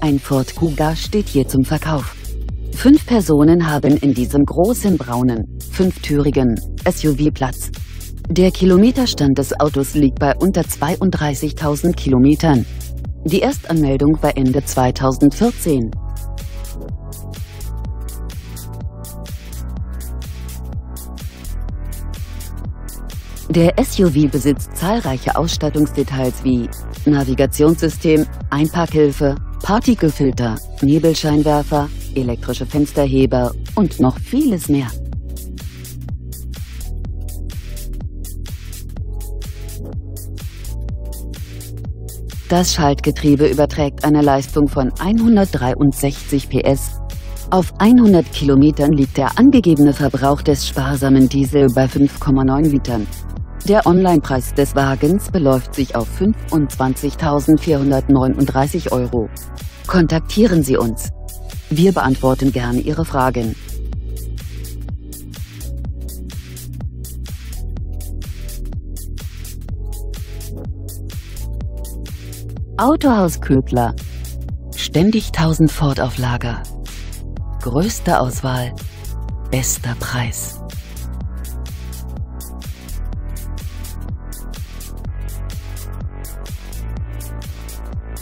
Ein Ford Kuga steht hier zum Verkauf. Fünf Personen haben in diesem großen braunen, fünftürigen SUV Platz. Der Kilometerstand des Autos liegt bei unter 32.000 Kilometern. Die Erstanmeldung war Ende 2014. Der SUV besitzt zahlreiche Ausstattungsdetails wie Navigationssystem, Einparkhilfe, Partikelfilter, Nebelscheinwerfer, elektrische Fensterheber und noch vieles mehr. Das Schaltgetriebe überträgt eine Leistung von 163 PS. Auf 100 Kilometern liegt der angegebene Verbrauch des sparsamen Diesel bei 5,9 Litern. Der Online-Preis des Wagens beläuft sich auf 25.439 Euro. Kontaktieren Sie uns. Wir beantworten gerne Ihre Fragen. Autohaus Ködler. Ständig 1000 Ford auf Lager. Größte Auswahl, bester Preis.